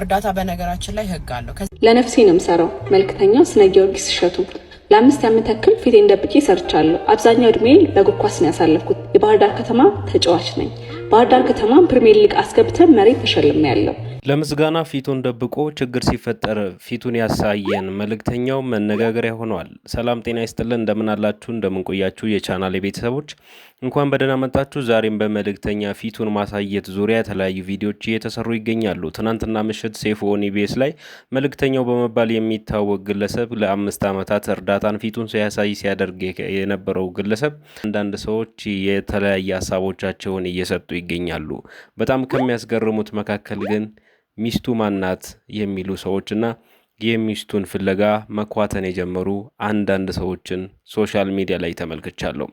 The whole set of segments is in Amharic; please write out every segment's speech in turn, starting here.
እርዳታ በነገራችን ላይ ህግ አለው። ለነፍሴ ነው የምሰራው። መልክተኛ ስነ ጊዮርጊስ እሸቱ። ለአምስት ዓመት ያክል ፊቴን ደብቄ ሰርቻለሁ። አብዛኛው እድሜ በእግር ኳስ ነው ያሳለፍኩት። የባህር ዳር ከተማ ተጫዋች ነኝ። ባህር ዳር ከተማን ፕሪሚየር ሊግ አስገብተን መሬት ተሸልም ያለው ለምስጋና ፊቱን ደብቆ ችግር ሲፈጠር ፊቱን ያሳየን መልእክተኛው መነጋገሪያ ሆነዋል። ሰላም ጤና ይስጥልን፣ እንደምን አላችሁ፣ እንደምን ቆያችሁ የቻናል ቤተሰቦች እንኳን በደህና መጣችሁ። ዛሬም በመልእክተኛ ፊቱን ማሳየት ዙሪያ የተለያዩ ቪዲዮዎች እየተሰሩ ይገኛሉ። ትናንትና ምሽት ሴፍ ኦን ኢቢኤስ ላይ መልእክተኛው በመባል የሚታወቅ ግለሰብ ለአምስት ዓመታት እርዳታን ፊቱን ሲያሳይ ሲያደርግ የነበረው ግለሰብ አንዳንድ ሰዎች የተለያየ ሀሳቦቻቸውን እየሰጡ ይገኛሉ። በጣም ከሚያስገርሙት መካከል ግን ሚስቱ ማናት የሚሉ ሰዎችና የሚስቱን ፍለጋ መኳተን የጀመሩ አንዳንድ ሰዎችን ሶሻል ሚዲያ ላይ ተመልክቻለሁ።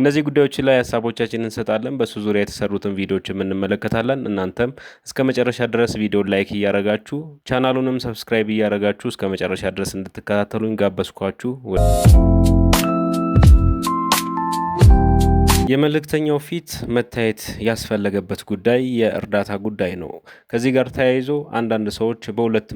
እነዚህ ጉዳዮች ላይ ሀሳቦቻችን እንሰጣለን። በሱ ዙሪያ የተሰሩትን ቪዲዮዎችም እንመለከታለን። እናንተም እስከ መጨረሻ ድረስ ቪዲዮ ላይክ እያረጋችሁ ቻናሉንም ሰብስክራይብ እያረጋችሁ እስከ መጨረሻ ድረስ እንድትከታተሉኝ ጋበዝኳችሁ። የመልእክተኛው ፊት መታየት ያስፈለገበት ጉዳይ የእርዳታ ጉዳይ ነው። ከዚህ ጋር ተያይዞ አንዳንድ ሰዎች በሁለት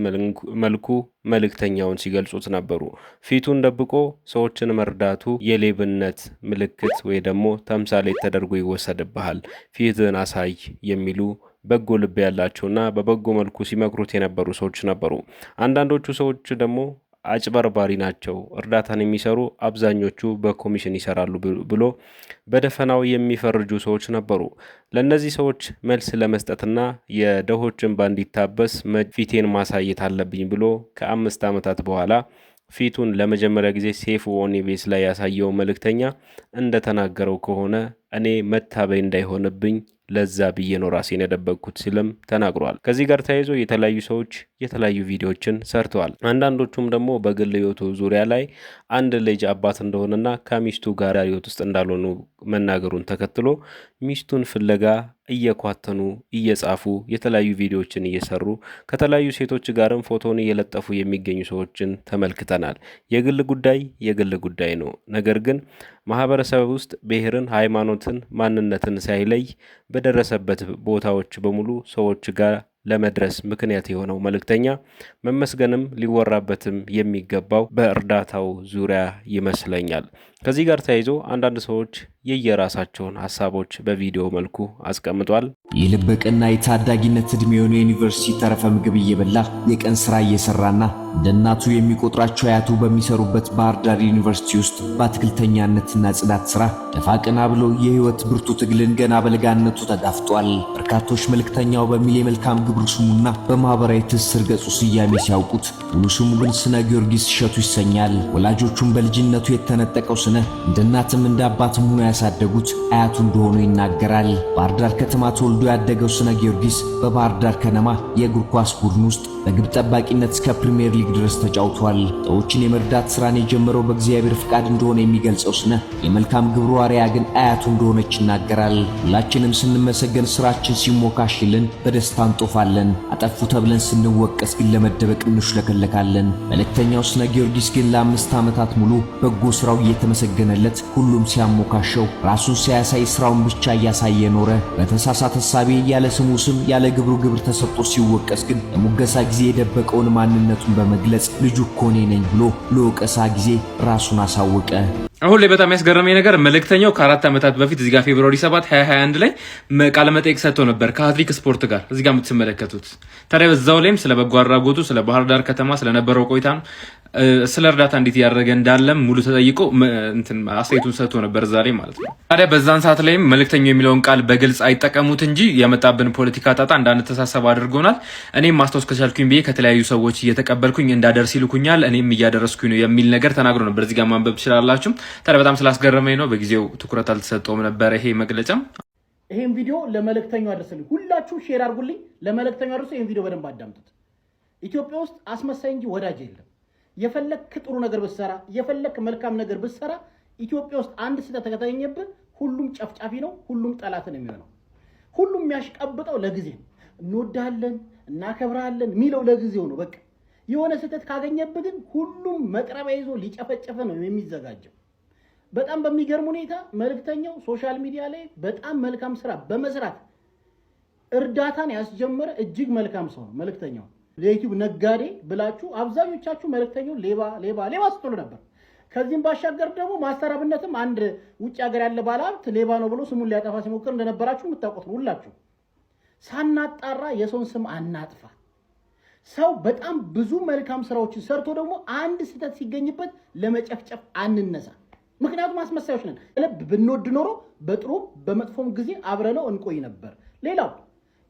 መልኩ መልእክተኛውን ሲገልጹት ነበሩ። ፊቱን ደብቆ ሰዎችን መርዳቱ የሌብነት ምልክት ወይ ደግሞ ተምሳሌት ተደርጎ ይወሰድብሃል፣ ፊትን አሳይ የሚሉ በጎ ልብ ያላቸውና በበጎ መልኩ ሲመክሩት የነበሩ ሰዎች ነበሩ። አንዳንዶቹ ሰዎች ደግሞ አጭበርባሪ ናቸው፣ እርዳታን የሚሰሩ አብዛኞቹ በኮሚሽን ይሰራሉ ብሎ በደፈናው የሚፈርጁ ሰዎች ነበሩ። ለእነዚህ ሰዎች መልስ ለመስጠትና የደሆችን ባንዲታበስ ፊቴን ማሳየት አለብኝ ብሎ ከአምስት ዓመታት በኋላ ፊቱን ለመጀመሪያ ጊዜ ሴፉ ኦኔቤስ ላይ ያሳየው መልእክተኛ እንደተናገረው ከሆነ እኔ መታበይ እንዳይሆንብኝ ለዛ ብዬ ነው ራሴን የደበቅኩት ሲልም ተናግሯል። ከዚህ ጋር ተያይዞ የተለያዩ ሰዎች የተለያዩ ቪዲዮዎችን ሰርተዋል። አንዳንዶቹም ደግሞ በግል ህይወቱ ዙሪያ ላይ አንድ ልጅ አባት እንደሆነና ከሚስቱ ጋር ህይወት ውስጥ እንዳልሆኑ መናገሩን ተከትሎ ሚስቱን ፍለጋ እየኳተኑ እየጻፉ የተለያዩ ቪዲዮዎችን እየሰሩ ከተለያዩ ሴቶች ጋርም ፎቶን እየለጠፉ የሚገኙ ሰዎችን ተመልክተናል። የግል ጉዳይ የግል ጉዳይ ነው። ነገር ግን ማህበረሰብ ውስጥ ብሔርን፣ ሃይማኖትን፣ ማንነትን ሳይለይ በደረሰበት ቦታዎች በሙሉ ሰዎች ጋር ለመድረስ ምክንያት የሆነው መልእክተኛ መመስገንም ሊወራበትም የሚገባው በእርዳታው ዙሪያ ይመስለኛል። ከዚህ ጋር ተያይዞ አንዳንድ ሰዎች የየራሳቸውን ሀሳቦች በቪዲዮ መልኩ አስቀምጧል። የልበቅና የታዳጊነት ዕድሜ የሆነ ዩኒቨርሲቲ ተረፈ ምግብ እየበላ የቀን ስራ እየሰራና እንደ እናቱ የሚቆጥራቸው አያቱ በሚሰሩበት ባህር ዳር ዩኒቨርሲቲ ውስጥ በአትክልተኛነትና ጽዳት ስራ ደፋ ቀና ብሎ የህይወት ብርቱ ትግልን ገና በለጋነቱ ተጋፍጧል። በርካቶች መልክተኛው በሚል የመልካም ግብር ስሙና በማህበራዊ ትስስር ገጹ ስያሜ ሲያውቁት ሙሉ ስሙ ግን ስነ ጊዮርጊስ እሸቱ ይሰኛል። ወላጆቹን በልጅነቱ የተነጠቀው ስነ ሆነ እንደ እናትም እንደ አባትም ሆኖ ያሳደጉት አያቱ እንደሆኑ ይናገራል። ባህር ዳር ከተማ ተወልዶ ያደገው ስነ ጊዮርጊስ በባህር ዳር ከነማ የእግር ኳስ ቡድን ውስጥ በግብ ጠባቂነት እስከ ፕሪምየር ሊግ ድረስ ተጫውቷል። ሰዎችን የመርዳት ስራን የጀመረው በእግዚአብሔር ፍቃድ እንደሆነ የሚገልጸው ስነ የመልካም ግብሩ አርያ ግን አያቱ እንደሆነች ይናገራል። ሁላችንም ስንመሰገን ስራችን ሲሞካሽልን በደስታ እንጦፋለን። አጠፉ ተብለን ስንወቀስ ግን ለመደበቅ እንሹለከለካለን። መልእክተኛው ስነ ጊዮርጊስ ግን ለአምስት ዓመታት ሙሉ በጎ ስራው እየተመ እያመሰገነለት ሁሉም ሲያሞካሸው ራሱን ሳያሳይ ስራውን ብቻ እያሳየ ኖረ። በተሳሳተ ሳቤ ያለ ስሙ ስም ያለ ግብሩ ግብር ተሰጥቶ ሲወቀስ ግን ለሙገሳ ጊዜ የደበቀውን ማንነቱን በመግለጽ ልጁ እኮ እኔ ነኝ ብሎ ለወቀሳ ጊዜ ራሱን አሳወቀ። አሁን ላይ በጣም ያስገረመኝ ነገር መልእክተኛው ከአራት ዓመታት በፊት እዚጋ ፌብሩዋሪ 7 2021 ላይ ቃለመጠይቅ ሰጥቶ ነበር ከሀትሪክ ስፖርት ጋር እዚጋ የምትመለከቱት። ታዲያ በዛው ላይም ስለ በጎ አድራጎቱ ስለ ባህር ዳር ከተማ ስለነበረው ቆይታ ስለ እርዳታ እንዴት እያደረገ እንዳለም ሙሉ ተጠይቆ አስተያየቱን ሰጥቶ ነበር ዛሬ ማለት ነው። ታዲያ በዛን ሰዓት ላይም መልእክተኛው የሚለውን ቃል በግልጽ አይጠቀሙት እንጂ የመጣብን ፖለቲካ ጣጣ እንዳንተሳሰብ አድርጎናል። እኔም ማስታወስ ከቻልኩኝ ብዬ ከተለያዩ ሰዎች እየተቀበልኩኝ እንዳደርስ ይልኩኛል፣ እኔም እያደረስኩኝ ነው የሚል ነገር ተናግሮ ነበር። እዚህ ጋር ማንበብ ትችላላችሁ። ታዲያ በጣም ስላስገረመኝ ነው በጊዜው ትኩረት አልተሰጠውም ነበረ ይሄ መግለጫም። ይሄን ቪዲዮ ለመልእክተኛው አድርስልኝ፣ ሁላችሁ ሼር አድርጉልኝ፣ ለመልእክተኛው አድርሱ። ይሄን ቪዲዮ በደንብ አዳምጡት። ኢትዮጵያ ውስጥ አስመሳይ እንጂ ወዳጅ የለም። የፈለክ ጥሩ ነገር ብትሰራ፣ የፈለክ መልካም ነገር ብትሰራ ኢትዮጵያ ውስጥ አንድ ስህተት ከተገኘብህ ሁሉም ጨፍጫፊ ነው፣ ሁሉም ጠላት ነው የሚሆነው። ሁሉም የሚያሽቀብጠው ለጊዜ እንወዳለን እናከብራለን የሚለው ለጊዜው ነው። በቃ የሆነ ስህተት ካገኘብህ ግን ሁሉም መቅረቢያ ይዞ ሊጨፈጨፈ ነው የሚዘጋጀው። በጣም በሚገርም ሁኔታ መልእክተኛው ሶሻል ሚዲያ ላይ በጣም መልካም ስራ በመስራት እርዳታን ያስጀመረ እጅግ መልካም ሰው ነው መልእክተኛው። ለዩቲዩብ ነጋዴ ብላችሁ አብዛኞቻችሁ መልእክተኛው ሌባ ሌባ ሌባ ስትሉ ነበር። ከዚህም ባሻገር ደግሞ ማስተር አንድ ውጭ ሀገር ያለ ባለሀብት ሌባ ነው ብሎ ስሙን ሊያጠፋ ሲሞክር እንደነበራችሁ የምታውቁት ሁላችሁ። ሳናጣራ የሰውን ስም አናጥፋ። ሰው በጣም ብዙ መልካም ስራዎችን ሰርቶ ደግሞ አንድ ስህተት ሲገኝበት ለመጨፍጨፍ አንነሳ። ምክንያቱም አስመሳዮች ነን። ልብ ብንወድ ኖሮ በጥሩ በመጥፎም ጊዜ አብረነው እንቆይ ነበር። ሌላው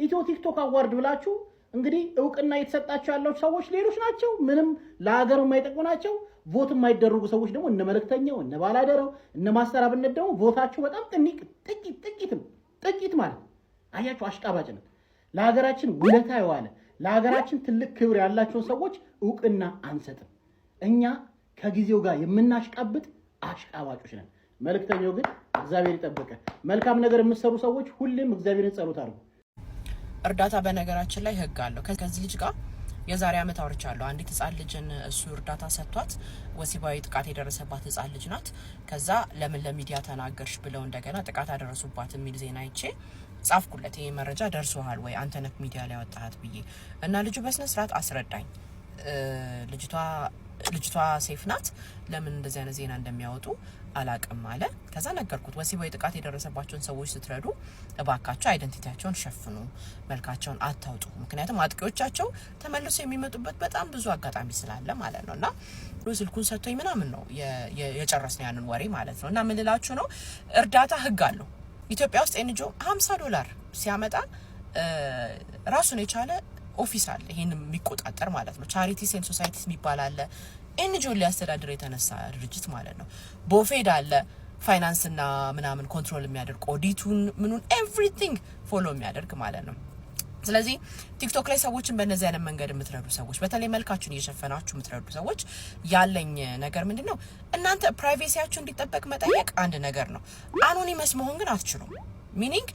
ኢትዮ ቲክቶክ አዋርድ ብላችሁ እንግዲህ እውቅና እየተሰጣቸው ያለው ሰዎች ሌሎች ናቸው። ምንም ለሀገር የማይጠቁ ናቸው። ቮት የማይደረጉ ሰዎች ደግሞ እነ መልእክተኛው፣ እነ ባላደረው እነ ማስተር ደግሞ ቮታቸው በጣም ጥኒቅ ጥቂት ጥቂትም ጥቂት ማለት አያቸው አሽቃባጭ ነው። ለሀገራችን ውለታ የዋለ ለሀገራችን ትልቅ ክብር ያላቸውን ሰዎች እውቅና አንሰጥም። እኛ ከጊዜው ጋር የምናሽቃብጥ አሽቃባጮች ነን። መልእክተኛው ግን እግዚአብሔር ይጠበቀ። መልካም ነገር የምትሰሩ ሰዎች ሁሌም እግዚአብሔርን ጸሎት አድርጉ። እርዳታ በነገራችን ላይ ህግ አለው። ከዚህ ልጅ ጋር የዛሬ አመት አውርቻለሁ። አንዲት ህጻን ልጅን እሱ እርዳታ ሰጥቷት ወሲባዊ ጥቃት የደረሰባት ህጻን ልጅ ናት። ከዛ ለምን ለሚዲያ ተናገርሽ ብለው እንደገና ጥቃት አደረሱባት የሚል ዜና ይቼ ጻፍኩለት። ይሄ መረጃ ደርሶሃል ወይ አንተነት ሚዲያ ላይ ያወጣሃት ብዬ እና ልጁ በስነስርዓት አስረዳኝ። ልጅቷ ልጅቷ ሴፍ ናት። ለምን እንደዚህ አይነት ዜና እንደሚያወጡ አላቅም አለ። ከዛ ነገርኩት፣ ወሲባዊ ጥቃት የደረሰባቸውን ሰዎች ስትረዱ እባካቸው አይደንቲቲያቸውን ሸፍኑ፣ መልካቸውን አታውጡ። ምክንያቱም አጥቂዎቻቸው ተመልሶ የሚመጡበት በጣም ብዙ አጋጣሚ ስላለ ማለት ነው። እና ስልኩን ሰጥቶኝ ምናምን ነው የጨረስነው ያንን ወሬ ማለት ነው። እና ምን ልላችሁ ነው፣ እርዳታ ህግ አለው ኢትዮጵያ ውስጥ ኤንጂኦ ሀምሳ ዶላር ሲያመጣ ራሱን የቻለ ኦፊስ አለ፣ ይሄን የሚቆጣጠር ማለት ነው። ቻሪቲስ ኤንድ ሶሳይቲስ የሚባል አለ፣ ኤንጂኦን ሊያስተዳድር የተነሳ ድርጅት ማለት ነው። ቦፌድ አለ፣ ፋይናንስና ምናምን ኮንትሮል የሚያደርግ ኦዲቱን፣ ምኑን ኤቭሪቲንግ ፎሎ የሚያደርግ ማለት ነው። ስለዚህ ቲክቶክ ላይ ሰዎችን በእነዚህ አይነት መንገድ የምትረዱ ሰዎች በተለይ መልካችሁን እየሸፈናችሁ የምትረዱ ሰዎች ያለኝ ነገር ምንድን ነው? እናንተ ፕራይቬሲያችሁ እንዲጠበቅ መጠየቅ አንድ ነገር ነው። አኖኒመስ መሆን ግን አትችሉም። ሚኒንግ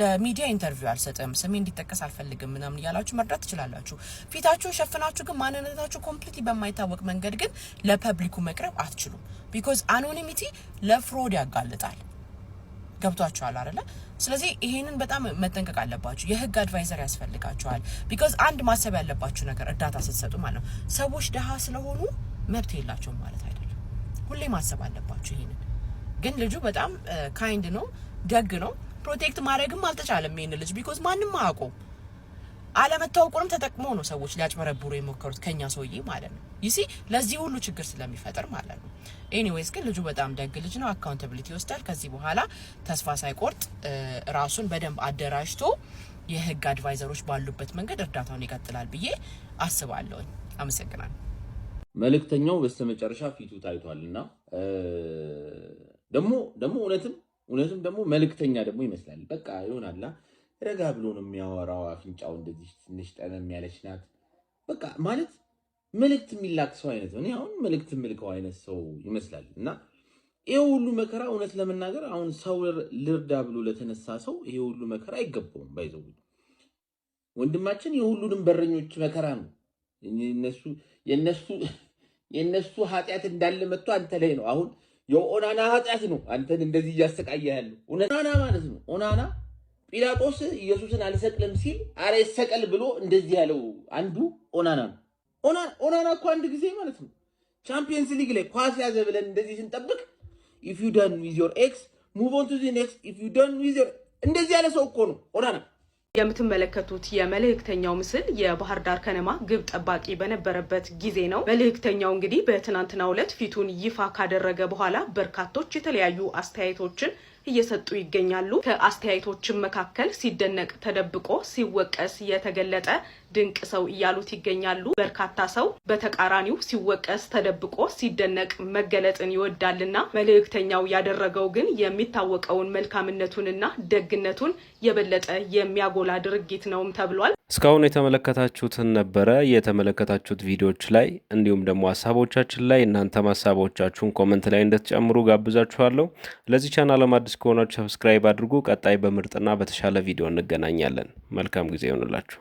ለሚዲያ ኢንተርቪው አልሰጥም፣ ስሜ እንዲጠቀስ አልፈልግም ምናምን እያላችሁ መርዳት ትችላላችሁ። ፊታችሁ ሸፍናችሁ ግን ማንነታችሁ ኮምፕሊት በማይታወቅ መንገድ ግን ለፐብሊኩ መቅረብ አትችሉም። ቢኮዝ አኖኒሚቲ ለፍሮድ ያጋልጣል። ገብቷችኋል አይደለ? ስለዚህ ይሄንን በጣም መጠንቀቅ አለባችሁ። የህግ አድቫይዘር ያስፈልጋችኋል። ቢኮዝ አንድ ማሰብ ያለባችሁ ነገር እርዳታ ስትሰጡ ማለት ነው ሰዎች ደሃ ስለሆኑ መብት የላቸውም ማለት አይደለም። ሁሌ ማሰብ አለባችሁ። ይሄንን ግን ልጁ በጣም ካይንድ ነው። ደግ ነው። ፕሮቴክት ማድረግም አልተቻለም ይህን ልጅ ቢኮዝ ማንም አያውቀው። አለመታወቁንም ተጠቅሞ ነው ሰዎች ሊያጭበረብሩ የሞከሩት ከኛ ሰውዬ ማለት ነው። ይሲ ለዚህ ሁሉ ችግር ስለሚፈጥር ማለት ነው። ኤኒዌይስ ግን ልጁ በጣም ደግ ልጅ ነው። አካውንታብሊቲ ይወስዳል። ከዚህ በኋላ ተስፋ ሳይቆርጥ ራሱን በደንብ አደራጅቶ የህግ አድቫይዘሮች ባሉበት መንገድ እርዳታውን ይቀጥላል ብዬ አስባለሁኝ። አመሰግናለሁ። መልእክተኛው በስተመጨረሻ ፊቱ ታይቷል እና ደግሞ ደግሞ እውነትም እውነቱም ደግሞ መልእክተኛ ደግሞ ይመስላል። በቃ ይሆናላ ረጋ ብሎ ነው የሚያወራው። አፍንጫው እንደዚህ ትንሽ ጠመም ያለች ናት። በቃ ማለት መልእክት የሚላክ ሰው አይነት ነው። አሁን መልእክት የምልከው አይነት ሰው ይመስላል እና ይሄ ሁሉ መከራ እውነት ለመናገር አሁን ሰው ልርዳ ብሎ ለተነሳ ሰው ይሄ ሁሉ መከራ አይገባውም። ባይዘው ወንድማችን የሁሉንም በረኞች መከራ ነው የነሱ የነሱ ኃጢአት እንዳለ መጥቶ አንተ ላይ ነው አሁን የኦናና ኃጢአት ነው አንተን እንደዚህ እያሰቃየ ያለው ኦናና ማለት ነው። ኦናና ጲላጦስ ኢየሱስን አልሰቅልም ሲል አረ ይሰቀል ብሎ እንደዚህ ያለው አንዱ ኦናና ነው። ኦናና እኮ አንድ ጊዜ ማለት ነው ቻምፒየንስ ሊግ ላይ ኳስ ያዘ ብለን እንደዚህ ስንጠብቅ ኢፍ ዩ ደን ዊዝ ዮር ኤክስ ሙቭ ኦን ቱ ዚ ኔክስት ኢፍ ዩ ደን ዊዝ ዮር እንደዚህ ያለ ሰው እኮ ነው ኦናና። የምትመለከቱት የመልእክተኛው ምስል የባህር ዳር ከነማ ግብ ጠባቂ በነበረበት ጊዜ ነው። መልእክተኛው እንግዲህ በትናንትናው ዕለት ፊቱን ይፋ ካደረገ በኋላ በርካቶች የተለያዩ አስተያየቶችን እየሰጡ ይገኛሉ። ከአስተያየቶችን መካከል ሲደነቅ ተደብቆ ሲወቀስ የተገለጠ ድንቅ ሰው እያሉት ይገኛሉ። በርካታ ሰው በተቃራኒው ሲወቀስ ተደብቆ ሲደነቅ መገለጥን ይወዳልና መልእክተኛው ያደረገው ግን የሚታወቀውን መልካምነቱንና ደግነቱን የበለጠ የሚያጎላ ድርጊት ነውም ተብሏል። እስካሁን የተመለከታችሁትን ነበረ። የተመለከታችሁት ቪዲዮዎች ላይ እንዲሁም ደግሞ ሀሳቦቻችን ላይ እናንተም ሀሳቦቻችሁን ኮመንት ላይ እንድትጨምሩ ጋብዛችኋለሁ። ለዚህ ቻናል አዲስ ከሆናችሁ ሰብስክራይብ አድርጉ። ቀጣይ በምርጥና በተሻለ ቪዲዮ እንገናኛለን። መልካም ጊዜ ይሆንላችሁ።